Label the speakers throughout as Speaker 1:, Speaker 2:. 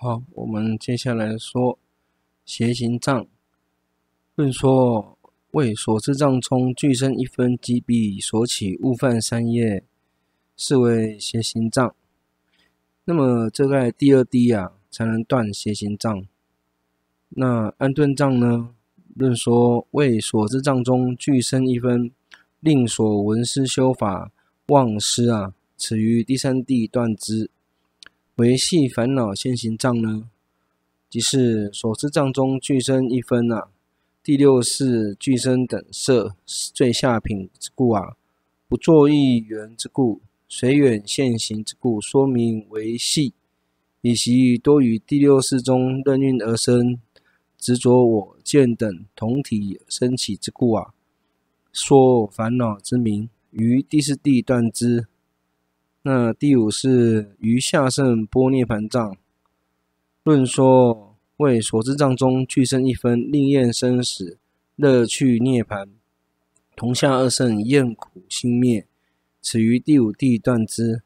Speaker 1: 好，我們接下來說邪行障。論說為所知障中俱生一分，及彼所起誤犯三業，是為邪行障。那麼這在第二地啊，才能斷邪行障。那安頓障呢？論說為所知障中俱生一分，令所聞思修法忘失啊，此於第三地斷之。微細煩惱現行障呢？即是所知障中俱生一分啊，第六識俱生等色最下品之故啊，不作一緣之故，隨遠現行之故，說明微細，以其多於第六識中任運而生，執着我見等同體生起之故啊，說煩惱之名於第四地斷之。那第五是於下乘般涅槃障，論說為所知障中俱生一分，令厭生死樂趣涅槃，同下二乘厭苦欣滅，此於第五地斷之。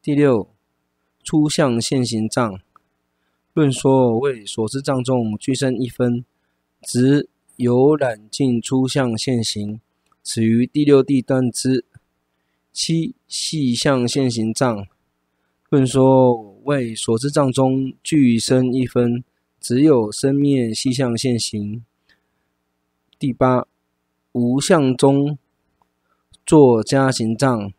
Speaker 1: 第六麤相現行障，論說為所知障中俱生一分，執有染淨麤相現行，此於第六地斷之。七細相現行障，論說為所知障中俱生一分，只有生滅細相現行。第八，無相中作加行障，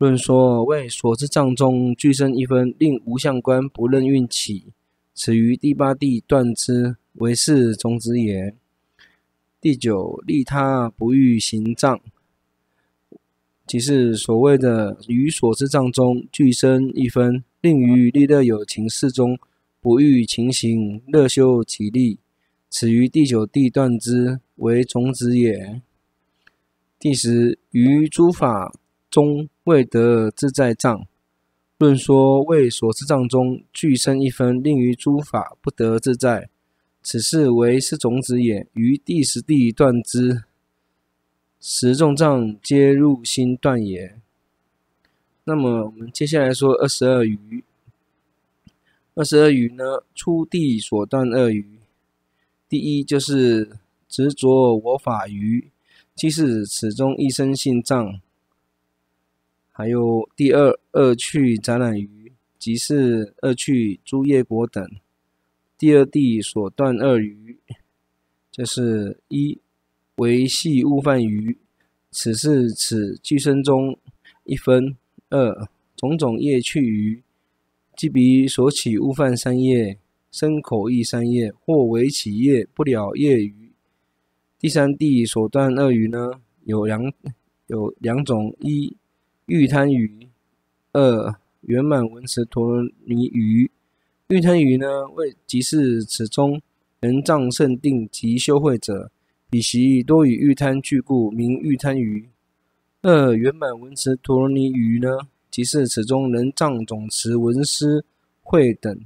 Speaker 1: 論說為所知障中俱生一分，令無相觀不任運起，此於第八地斷之，為是種子也。第九，利他不欲行障。即是所謂的於所知障中俱生一分，令於利樂有情事中，不欲勤行樂修其力，此於第九地斷之為種子也。第十，於諸法中未得自在障，論說為所知障中俱生一分，令於諸法不得自在，此事為是種子也。於第十地斷之。十重障皆入心斷也。那麼我們接下來說二十二愚。二十二愚呢，初地所斷二愚，第一就是執着我法愚，即是此中異生性障。還有第二，惡趣雜染愚，即是惡趣諸業果等。第二地所斷二愚，就是一。微細誤犯愚，此是此俱生中一分二種種業趣愚，即彼所起誤犯三業身口意三業，或謂起業不了業愚。第三地所斷二愚呢，有兩有兩種：一欲貪愚，二圓滿聞持陀羅尼愚。欲貪愚呢，謂即是此中能障勝定及修慧者。以昔多與欲貪俱故，名欲貪愚。二、圓滿聞持陀羅尼愚呢，即是此中能障總持聞思慧等。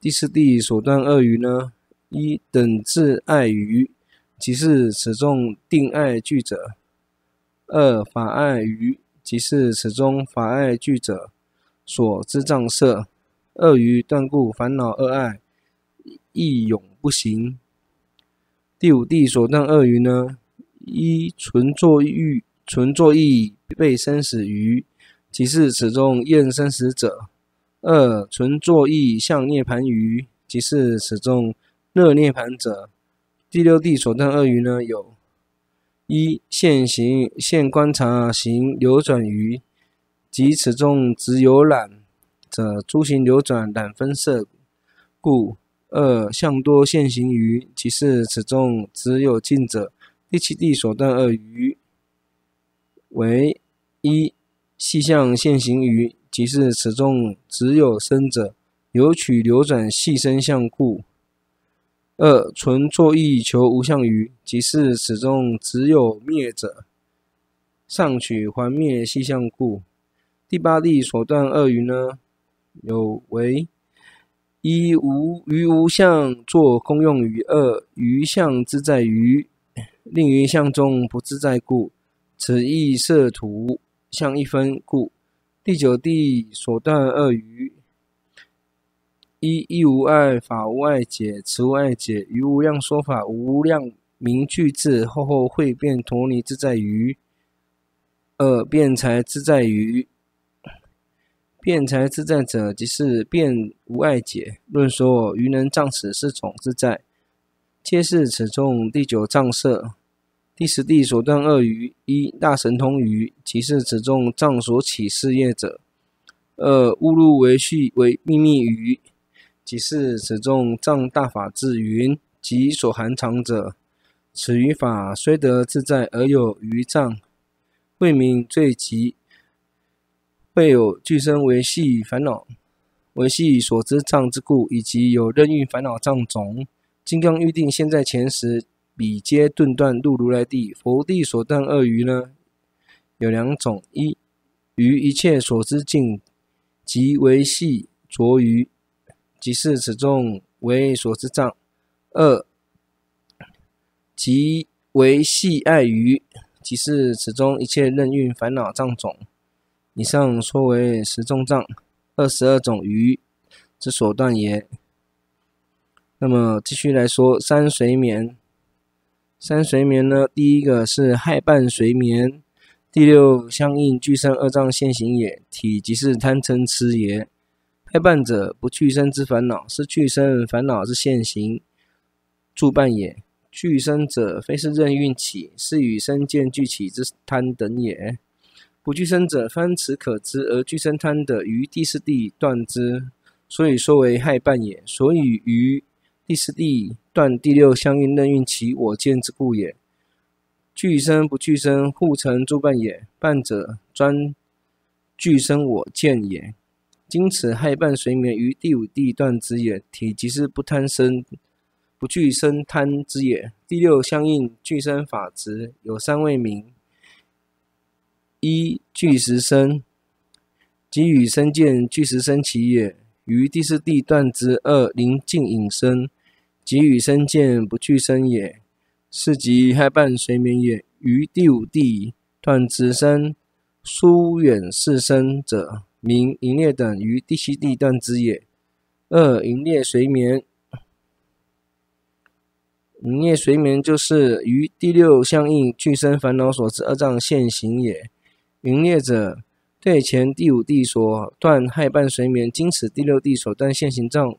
Speaker 1: 第四地所斷二愚呢，一等至愛愚，即是此中定愛俱者；二法愛愚，即是此中法愛俱者。所知障攝，二愚斷故，煩惱二愛亦永不行。第五地所斷二愚呢？一純作意、純作意，意背生死愚，即是此中厭生死者；二純作意向涅槃愚，即是此中樂涅槃者。第六地所斷二愚呢？有，一現行現觀察行流轉愚，即此中執有染者諸行流轉染分攝故。二相多現行愚，即是此中只有淨者；第七地所斷二愚為一細相現行愚，即是此中只有生者，有取流轉細生相故。二純作意求無相愚，即是此中只有滅者，尚取還滅細相故。第八地所斷二愚呢，有為。一無於無相作功用愚，二於相自在愚，令於相中不自在故，此亦色圖像一分故。第九地所斷二愚，一一無礙法無礙解，詞無礙解於無量說法無量名句字，後後會變陀理自在愚，二辯才自在愚。二辯才自在者，即是辯無礙解。論說愚能障此是種自在，皆是此中第九障攝。第十地所斷二愚，一大神通愚，即是此中障所起事業者。二誤入為序，為秘密愚，即是此中障大法智雲及所含藏者。此愚法雖得自在，而有愚障，未明最極。會有俱生微細煩惱，微細所知障之故，以及有任運煩惱障種。金剛喻定現在前時，彼皆頓斷入如來地。佛地所斷二愚呢，有兩種：一、於一切所知境，極微細著愚，即是此中微細所知障；二、極微細礙愚，即是此中一切任運煩惱障種。以上說為十重障，二十二種愚之所斷也。那麼繼續來說，三隨眠。三隨眠呢，第一個是害伴隨眠，第六相應俱生二障現行也。體即是貪嗔癡也。害伴者，不俱生之煩惱，是俱生煩惱之現行助伴也。俱生者，非是任運起，是與身見俱起之貪等也。不俱生者，翻此可知；而俱生貪的，於第四地斷之，所以說為害伴也。所以於第四地斷第六相應任運起我見之故也。俱生不俱生，互成助伴也。伴者專俱生我見也。今此害伴隨眠於第五地斷之也。體即是不貪生、不俱生貪之也。第六相應俱生法執有三位名。一俱時生，即與身見俱時生起也，於第四地斷之。二臨近隱生，即與身見不俱生也，是即害伴隨眠也，於第五地斷之。三疏遠四生者，名淫業等於第七地斷之也。二淫業隨眠，淫業隨眠就是與第六相應俱生煩惱所知二障現行也。名列者，對前第五地所斷害半隨眠，今此第六地所斷現行障，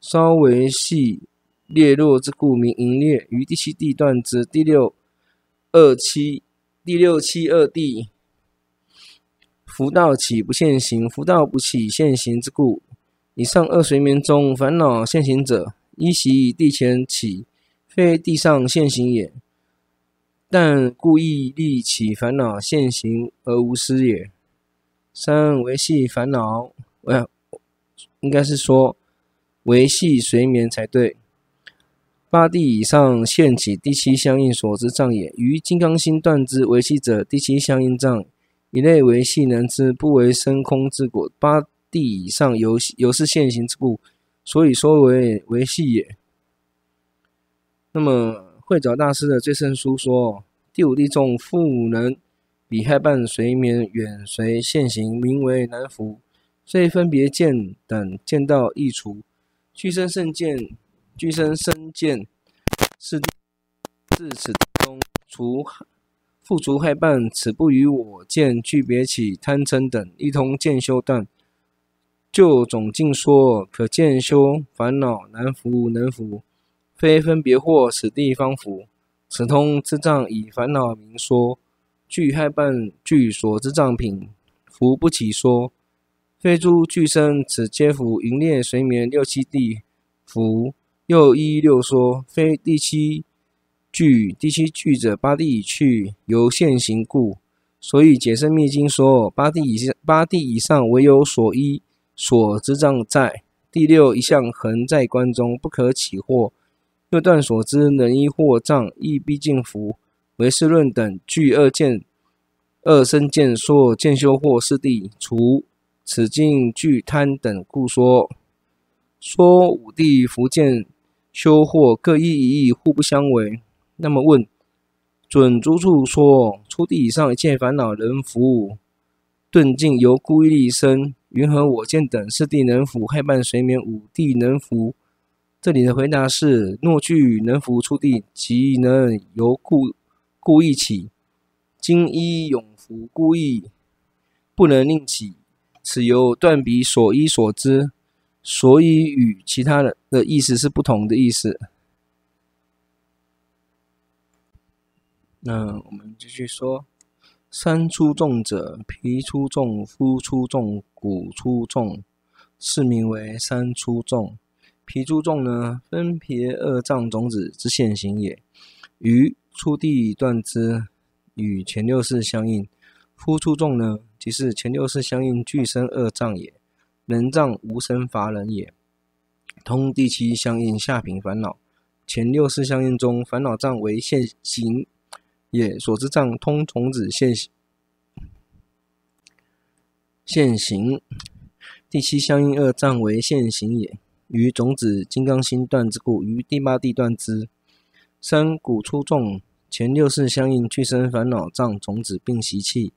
Speaker 1: 稍微細裂落之故，名名列。於第七地斷之第六二七第六七二地，福道起不現行，福道不起現行之故。以上二隨眠中，煩惱現行者，依席以地前起，非地上現行也。但故意立起煩惱現行而無失也。三，維繫煩惱，要，啊，應該是說維繫隨眠才對。八地以上現起第七相應所知障也。於金剛心斷之維繫者，第七相應障一類維繫能知，不為生空之果。八地以上有有是現行之故，所以說為維繫也。那麼。慧照大師的最勝書說：“第五地中，復能比害伴隨眠遠隨現行，名為難伏。雖分別見等見到易除，具身聖見，具身身見，是自此中除復除害伴。此不與我見俱別起貪嗔等，一通見修斷。就總淨說，可見修煩惱難伏，能伏。”非分別惑此地方福。此通智障以煩惱明說，具害半具所知障品，福不起說。非諸俱生，此皆福盈戀隨眠六七地福，又依六說。非第七具，第七具者八地已去由現行故。所以解深密經說，八地以上八地以上唯有所依所知障在。第六一向恆在觀中，不可起惑。又斷所知能依惑障亦必盡伏，唯識論等具二見，二生見說見修惑四地除此境俱貪等故說，說五地伏見修惑各異一義，互不相違。那麼問准諸處說初地以上一切煩惱能伏頓盡由孤一一生，云何我見等四地能伏還伴隨眠，五地能伏？這裡的回答是：若句能伏出地，即能由故故意起；今依永伏故意，不能令起。此由斷彼所依所知，所以與其他人的意思是不同的意思。那我們繼續說：三出重者，皮出重，膚出重，骨出重，是名為三出重。皮諸眾呢，分別二障種子之現行也。於初地斷之，與前六識相應。夫出眾呢，即是前六識相應俱生二障也。人障無生乏人也，通第七相應下品煩惱。前六識相應中，煩惱障為現行也，所知障通種子現行現行。第七相應二障為現行也。於種子金剛心斷之故，於第八地斷之。三骨出眾，前六識相應俱生煩惱障種子並習氣，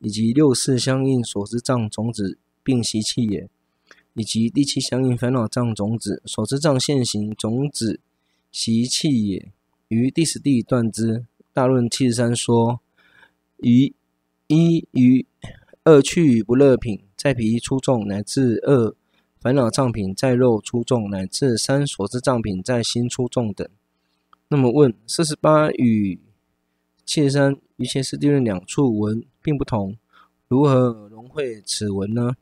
Speaker 1: 以及六識相應所知障種子並習氣也，以及第七相應煩惱障種子所知障現行種子習氣也。於第十地斷之。大論七十三說：於一於二去於不樂品，再皮出眾乃至二。煩惱障品在肉出眾，乃至三所知障品在心出眾等。那麼問：四十八與七十三於《瑜伽師地論》兩處文並不同，如何融會此文呢？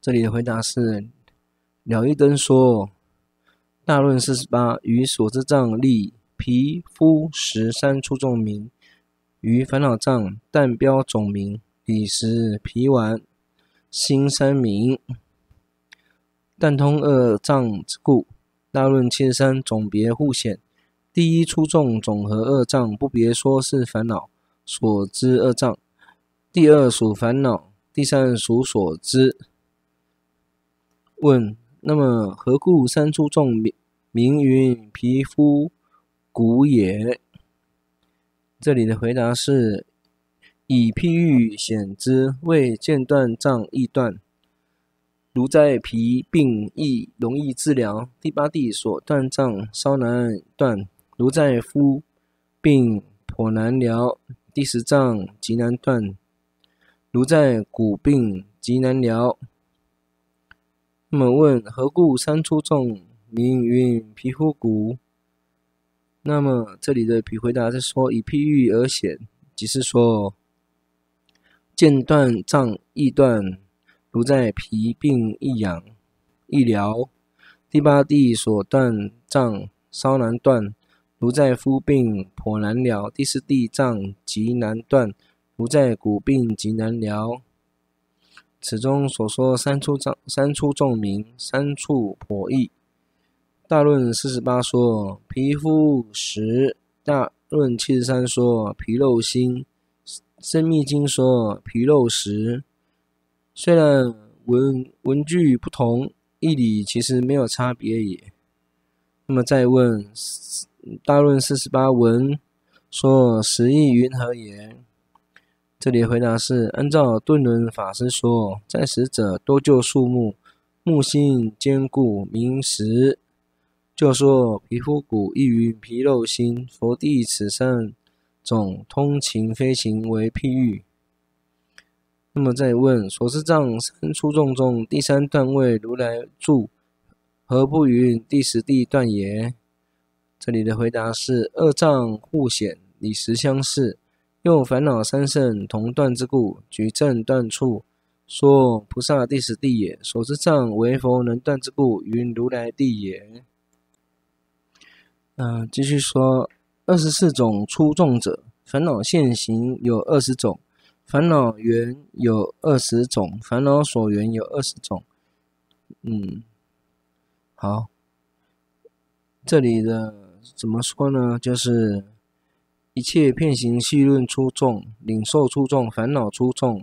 Speaker 1: 這裡的回答是：了義燈說，《大論》四十八於所知障立皮膚十三出眾名，於煩惱障但標總名，以識皮丸新三名。但通二障之故，大論千山總別互顯。第一出眾總和二障，不別說是煩惱所知二障；第二屬煩惱，第三屬所知。問：那麼何故三出眾？名云：皮膚骨也。這裡的回答是：以譬喻顯之，謂見斷障亦斷。如在皮病易容易治療，第八地所斷臟稍難斷；如在膚病頗難療，第十臟極難斷。如在骨病極難療。那麼問何故三出眾名云皮膚骨？那麼這裡的皮回答是說，以譬喻而顯，即是說見斷臟易斷。如在皮病易養易療，第八地所斷障稍難斷；如在膚病頗難療，第四地障極難斷；如在骨病極難療。此中所說三處障，三處重名，三處頗易。大論四十八說皮膚實，大論七十三說皮肉心，生命經說皮肉實。雖然文文句不同，義理其實沒有差別也。那麼再問《大論》四十八文，說實義雲何言？這裡回答是：按照遁倫法師說，在實者多就樹木，木性堅固名實，就說皮膚骨異於皮肉心。佛地此上，總通情非情為譬喻。那麼再問：所知障三粗重中，第三斷位如來住，何不雲第十地斷也？這裡的回答是：二障互顯，理實相似，又煩惱三聖同斷之故，舉正斷處說菩薩第十地也。所知障唯佛能斷之故，雲如來地也。嗯、呃，繼續說：二十四種粗重者，煩惱現行有二十種。煩惱緣有二十種，煩惱所緣有二十種。嗯，好，這裡的怎麼說呢？就是一切遍行戲論麤重，領受麤重，煩惱麤重，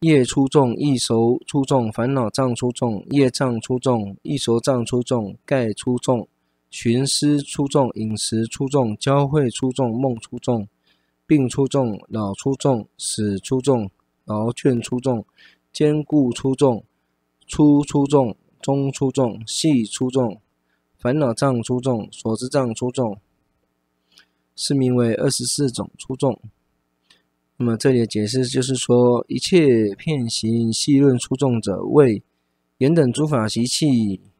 Speaker 1: 業麤重，異熟麤重，煩惱障麤重，業障麤重，異熟障麤重，蓋麤重，尋思麤重，飲食麤重，交會麤重，夢麤重。病麤重，老麤重，死麤重，勞倦麤重，堅固麤重，粗麤重，中麤重，細麤重，煩惱障麤重，所知障麤重，是名為二十四種麤重。那麼這裡的解釋就是說，一切遍行戲論麤重者，為嚴等諸法習氣。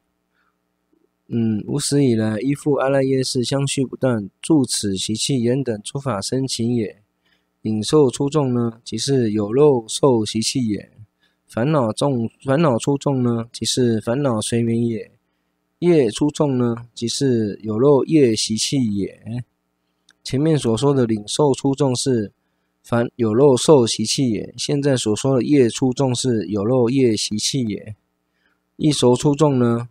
Speaker 1: 嗯，無始以來依附阿賴耶識相續不斷，助此習氣緣等諸法生起也。領受粗重呢，即是有漏受習氣也；煩惱眾、煩惱粗重呢，即是煩惱隨眠也；業粗重呢，即是有漏業習氣也。前面所說的領受粗重是凡有漏受習氣也，現在所說的業粗重是有漏業習氣也。異熟粗重呢？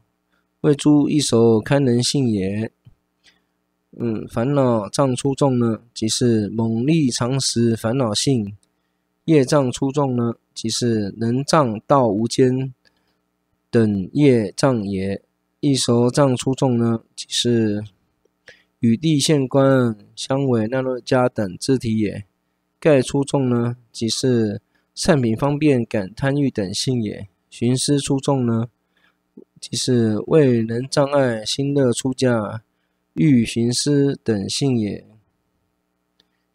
Speaker 1: 為諸一手堪能性也。嗯，煩惱障麁重呢，即是猛力常時煩惱性；業障麁重呢，即是能障道無間等業障也。異熟障麁重呢，即是與地現觀相違那落迦等之體也。蓋麁重呢，即是善品方便感貪欲等性也。尋思麁重呢。即是未能障礙心樂出家、欲尋思等性也。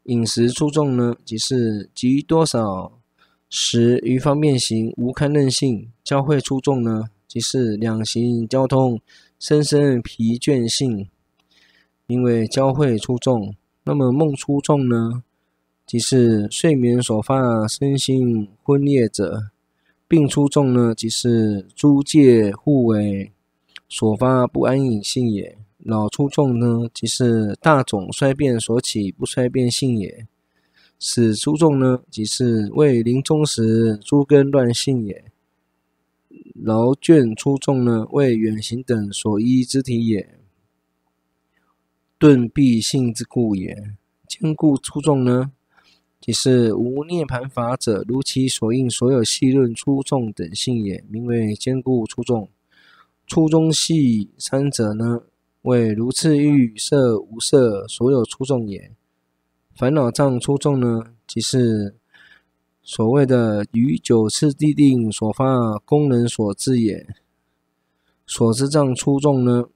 Speaker 1: 飲食出眾呢，即是極多少食於方便行，無堪任性。交會出眾呢，即是兩行交通，深深疲倦性。名為交會出眾。那麼夢出眾呢，即是睡眠所發，身心昏裂者。病粗重呢，即是諸界互為所發不安隱性也；老粗重呢，即是大種衰變所起不衰變性也；死粗重呢，即是未臨終時諸根亂性也；勞倦粗重呢，為遠行等所依之體也；鈍弊性之故也；堅固粗重呢？即是無涅槃法者，如其所應所有細論粗重等性也，名為堅固粗重。粗重繫三者呢，為如次欲色、無色所有粗重也。煩惱障粗重呢，即是所謂的於九次地定所發功能所致也。所知障粗重呢，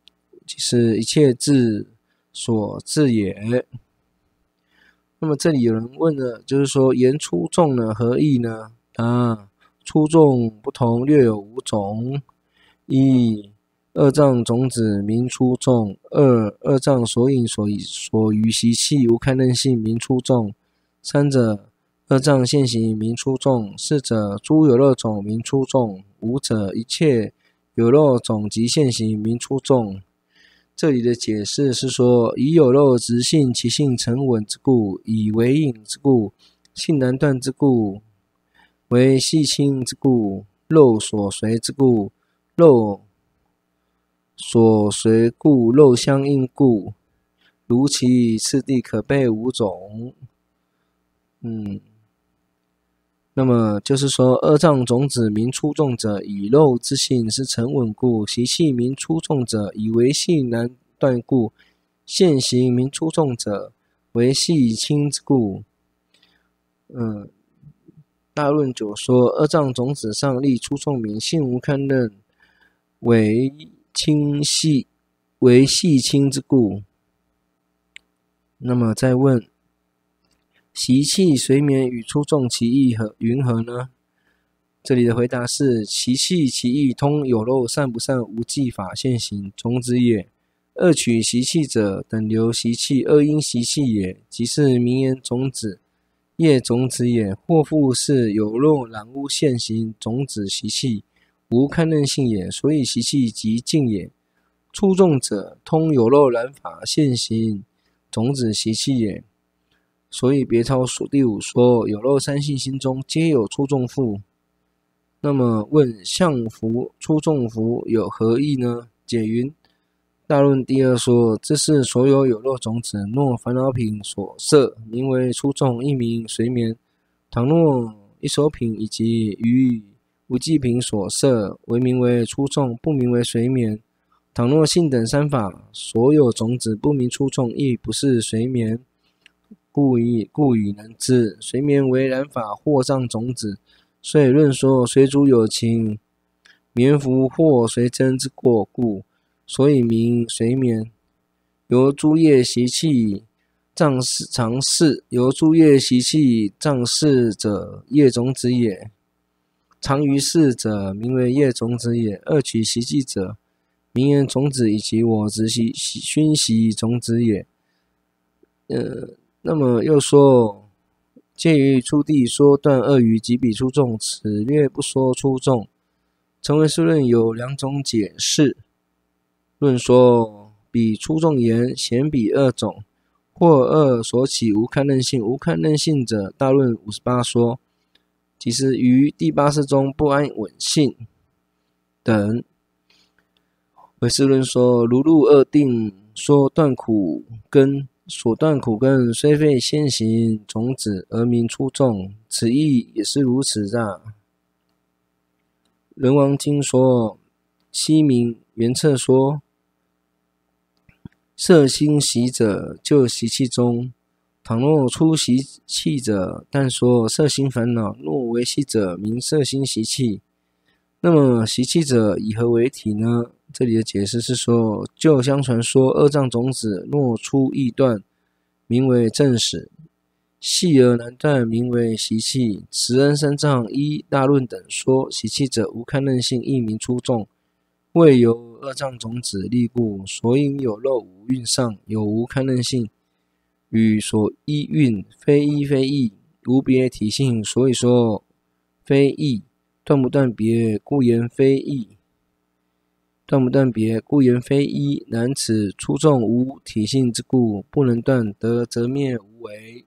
Speaker 1: 即是一切智所致也。那麼這裡有人問了，就是說言麤重呢何意呢？啊，麤重不同，略有五種：一、二障種子名麤重；二、二障所引所所餘習氣無堪任性名麤重；三者二障現行名麤重；四者諸有漏種名麤重；五者一切有漏種及現行名麤重。這裡的解釋是說，以有肉直性，其性沉穩之故；以為影之故，性難斷之故，為細輕之故，肉所隨之故，肉所隨故，肉相應故，如其次第可備五種。嗯。那麼就是說，二障種子名出眾者，以肉之性是沉穩故；習氣名出眾者，以為性難斷故；現行名出眾者，為系親之故。嗯、呃，大論九說，二障種子上立出眾名，性無堪任，為輕細，為細輕之故。那麼再問。習氣隨眠與麤重，其義和云何呢？這裡的回答是：習氣其義通有漏，善不善無記法現行，種子也。二取習氣者，等流習氣，二因習氣也，即是名言種子、業種子也。或復是有漏染污現行種子習氣，無堪任性也。所以習氣即淨也。麤重者，通有漏染法現行種子習氣也。所以別抄說第五說有漏三性心中皆有粗重縛，那麼問相縛粗重縛有何意呢？解云：大論第二說，這是所有有漏種子，若煩惱品所攝，名為粗重，亦名隨眠；倘若一所品以及餘無記品所攝，為名為粗重，不名為隨眠；倘若性等三法所有種子，不名粗重，亦不是隨眠。故以故以能知隨眠為染法惑障種子，遂論說隨逐有情眠伏或隨增之過故，所以名隨眠。由諸業習氣障事常事，由諸業習氣障事者業種子也。常於事者名為業種子也。二取習氣者，名言種子以及我執習熏習種子也。呃。那麼又說，鑒於初地說斷二愚及彼出眾，此略不說出眾，成唯識論有兩種解釋，論說彼出眾言顯彼二種，或二所起無堪任性。無堪任性者，大論五十八說，即是於第八識中不安穩性等。唯識論說如入惡定說斷苦根。所斷苦根，雖非現行種子，而名出眾，此意也是如此的啊。《仁王經》說：“西明圓測說，色心習者就習氣中；倘若出習氣者，但說色心煩惱；若為習者，名色心習氣。那麼習氣者以何為體呢？”這裡的解釋是說，舊相傳說二障種子若麤易斷，名為正使，細而難斷，名為習氣。慈恩三藏一大論等說，習氣者無堪任性，一名麤重，未由二障種子立故。所引有漏五蘊上，有無堪任性，與所依蘊非一非異，無別體性。所以說，非異斷不斷別，故言非異。斷不斷別，別故言非一；然此粗重無體性之故，不能斷得，擇滅無為。